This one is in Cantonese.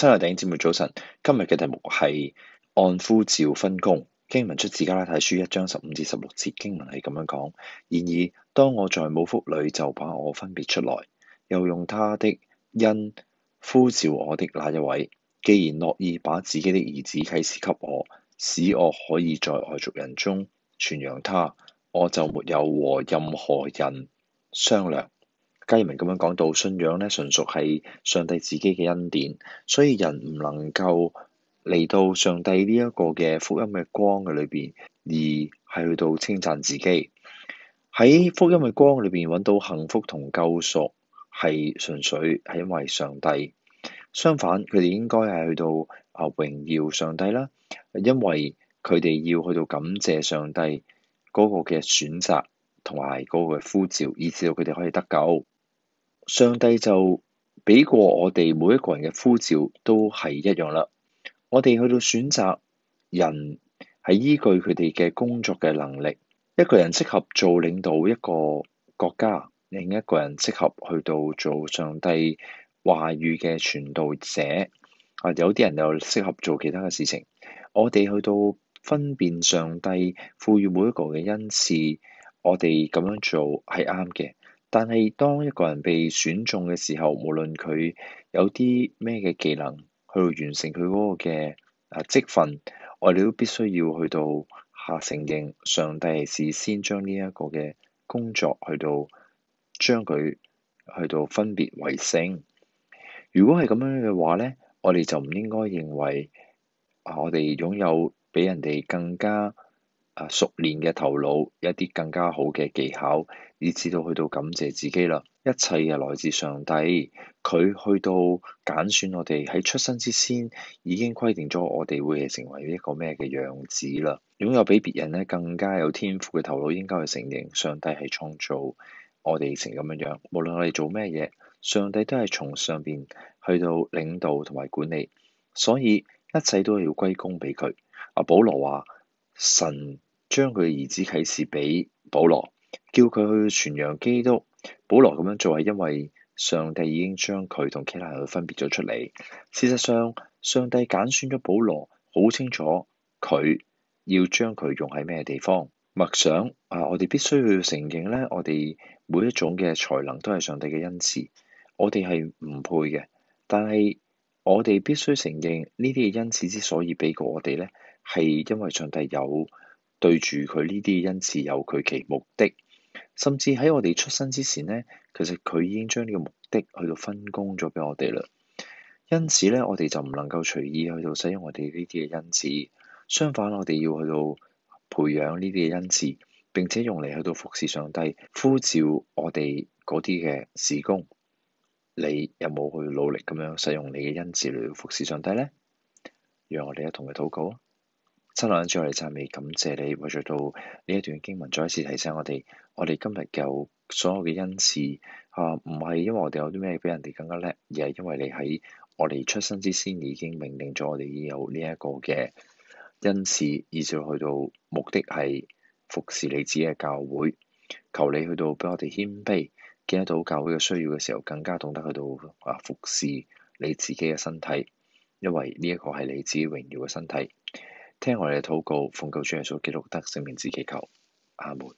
親愛的弟兄姊妹早晨，今日嘅題目係按呼召分工。經文出自《加拉太書》一章十五至十六節，經文係咁樣講：然而當我在母腹裏，就把我分別出來，又用他的恩呼召我的那一位，既然樂意把自己的兒子啟示給我，使我可以在外族人中傳揚他，我就沒有和任何人商量。雞鳴咁樣講到，信仰咧純屬係上帝自己嘅恩典，所以人唔能夠嚟到上帝呢一個嘅福音嘅光嘅裏邊，而係去到稱讚自己。喺福音嘅光裏邊揾到幸福同救贖，係純粹係因為上帝。相反，佢哋應該係去到啊榮耀上帝啦，因為佢哋要去到感謝上帝嗰個嘅選擇，同埋嗰個嘅呼召，以致到佢哋可以得救。上帝就俾過我哋每一個人嘅呼召，都係一樣啦。我哋去到選擇人，係依據佢哋嘅工作嘅能力。一個人適合做領導一個國家，另一個人適合去到做上帝話語嘅傳道者。啊，有啲人又適合做其他嘅事情。我哋去到分辨上帝賦予每一個人嘅恩賜，我哋咁樣做係啱嘅。但係當一個人被選中嘅時候，無論佢有啲咩嘅技能去到完成佢嗰個嘅啊職份，我哋都必須要去到下承認上帝事先將呢一個嘅工作去到將佢去到分別為聖。如果係咁樣嘅話咧，我哋就唔應該認為啊，我哋擁有比人哋更加熟練嘅頭腦，一啲更加好嘅技巧，以至到去到感謝自己啦。一切嘅來自上帝，佢去到揀選我哋喺出生之先已經規定咗我哋會成為一個咩嘅樣子啦。擁有比別人咧更加有天賦嘅頭腦，應該去承認上帝係創造我哋成咁樣樣。無論我哋做咩嘢，上帝都係從上邊去到領導同埋管理，所以一切都要歸功俾佢。阿保羅話神，將佢嘅兒子啟示俾保羅，叫佢去傳揚基督。保羅咁樣做係因為上帝已經將佢同其他人去分別咗出嚟。事實上，上帝揀選咗保羅，好清楚佢要將佢用喺咩地方。默想啊，我哋必須要承認咧，我哋每一種嘅才能都係上帝嘅恩賜。我哋係唔配嘅，但係我哋必須承認呢啲嘅恩賜之所以俾過我哋咧，係因為上帝有。對住佢呢啲恩賜有佢其目的，甚至喺我哋出生之前呢，其實佢已經將呢個目的去到分工咗俾我哋啦。因此咧，我哋就唔能夠隨意去到使用我哋呢啲嘅恩賜。相反，我哋要去到培養呢啲嘅恩賜，並且用嚟去到服侍上帝，呼召我哋嗰啲嘅事工。你有冇去努力咁樣使用你嘅恩賜嚟到服侍上帝呢？讓我哋一同佢禱告啊！新郎恩主，我哋讚美感謝你，為咗到呢一段經文，再一次提醒我哋：我哋今日有所有嘅恩賜啊，唔係因為我哋有啲咩比人哋更加叻，而係因為你喺我哋出生之先已經命定咗，我哋有呢一個嘅恩賜，以至去到目的係服侍你自己嘅教會。求你去到俾我哋謙卑，見得到教會嘅需要嘅時候，更加懂得去到啊服侍你自己嘅身體，因為呢一個係你自己榮耀嘅身體。聽我哋嘅禱告，奉救主耶穌基督得勝名字祈求，阿門。